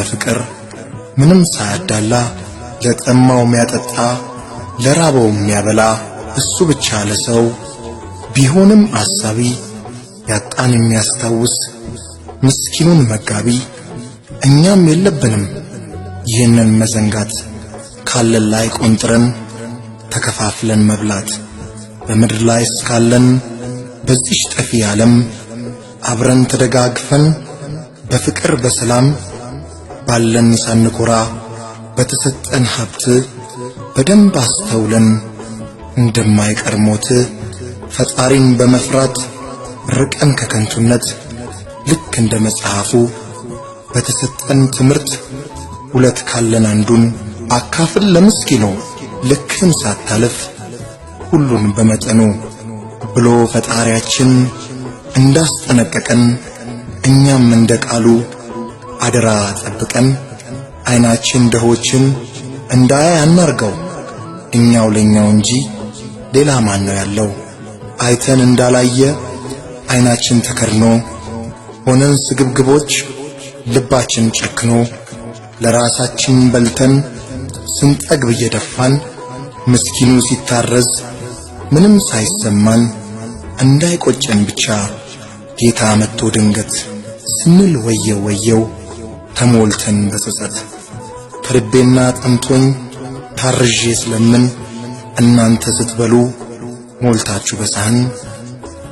በፍቅር ምንም ሳያዳላ ለጠማው የሚያጠጣ ለራበው የሚያበላ እሱ ብቻ ለሰው ቢሆንም አሳቢ ያጣን የሚያስታውስ ምስኪኑን መጋቢ እኛም የለብንም ይህንን መዘንጋት ካለን ላይ ቆንጥረን ተከፋፍለን መብላት በምድር ላይ እስካለን በዚች ጠፊ ዓለም አብረን ተደጋግፈን በፍቅር በሰላም ባለን ሳንኮራ በተሰጠን ሀብት በደንብ አስተውለን ሞት ፈጣሪን በመፍራት ርቀን ከከንቱነት ልክ እንደ መጽሐፉ በተሰጠን ትምህርት ሁለት ካለን አንዱን አካፍል ለምስኪኑ ልክም ሳታለፍ ሁሉን በመጠኑ ብሎ ፈጣሪያችን እንዳስጠነቀቀን እኛም እንደ ቃሉ አደራ ጠብቀን፣ አይናችን ድሆችን እንዳያይ አናርገው። እኛው ለኛው እንጂ ሌላ ማን ነው ያለው? አይተን እንዳላየ አይናችን ተከድኖ ሆነን ስግብግቦች ልባችን ጨክኖ ለራሳችን በልተን ስንጠግብ እየደፋን ምስኪኑ ሲታረዝ ምንም ሳይሰማን እንዳይቆጨን ብቻ ጌታ መጥቶ ድንገት ስንል ወየው ወየው ተሞልተን በጸጸት ከልቤና ጠምቶኝ ታርዤ ስለምን እናንተ ስትበሉ ሞልታችሁ በሳህን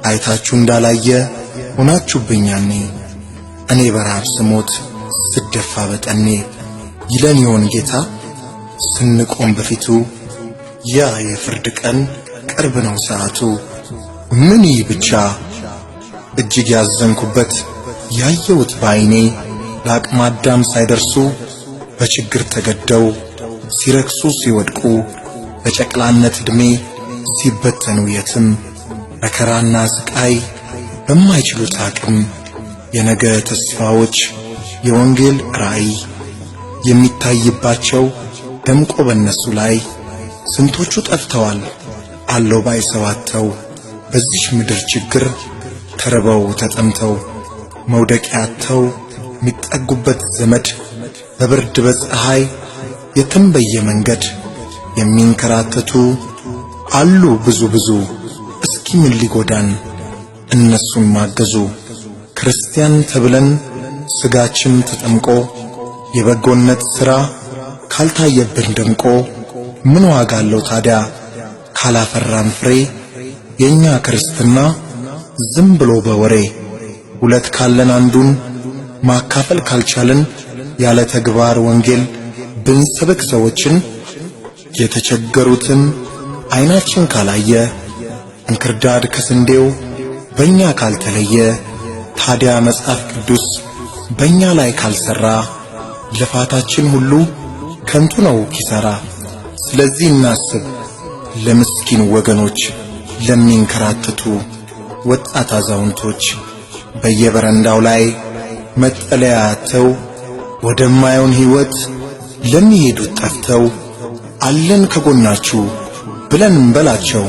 አይታችሁ እንዳላየ ሆናችሁብኛኔ እኔ በረሃብ ስሞት ስደፋ በጠኔ ይለን ይሆን ጌታ ስንቆም በፊቱ ያ የፍርድ ቀን ቅርብ ነው ሰዓቱ። ምን ይህ ብቻ እጅግ ያዘንኩበት ያየሁት በዓይኔ ለአቅመ አዳም ሳይደርሱ በችግር ተገደው ሲረክሱ ሲወድቁ በጨቅላነት ዕድሜ ሲበተኑ የትም መከራና ስቃይ በማይችሉት አቅም የነገ ተስፋዎች የወንጌል ራእይ የሚታይባቸው ደምቆ በነሱ ላይ ስንቶቹ ጠፍተዋል አለው ባይ ሰባተው በዚህ ምድር ችግር ተርበው ተጠምተው መውደቂያ አጥተው የሚጠጉበት ዘመድ በብርድ በፀሐይ የትም በየመንገድ የሚንከራተቱ አሉ ብዙ ብዙ። እስኪ ምን ሊጎዳን እነሱን ማገዙ? ክርስቲያን ተብለን ስጋችን ተጠምቆ የበጎነት ሥራ ካልታየብን ደምቆ ምን ዋጋ አለው ታዲያ ካላፈራን ፍሬ? የእኛ ክርስትና ዝም ብሎ በወሬ ሁለት ካለን አንዱን ማካፈል ካልቻልን ያለ ተግባር ወንጌል ብንሰብክ ሰዎችን የተቸገሩትን አይናችን ካላየ እንክርዳድ ከስንዴው በእኛ ካልተለየ ታዲያ መጽሐፍ ቅዱስ በእኛ ላይ ካልሰራ ልፋታችን ሁሉ ከንቱ ነው ኪሳራ። ስለዚህ እናስብ ለምስኪን ወገኖች፣ ለሚንከራተቱ ወጣት አዛውንቶች በየበረንዳው ላይ መጠለያ አጥተው ወደማየውን ሕይወት ለሚሄዱት ጠፍተው አለን ከጎናችሁ ብለን እንበላቸው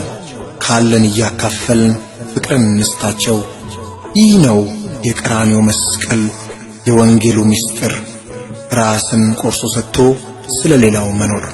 ካለን እያካፈልን ፍቅርን እንስታቸው። ይህ ነው የቀራኔው መስቀል የወንጌሉ ምስጢር ራስን ቆርሶ ሰጥቶ ስለ ሌላው መኖር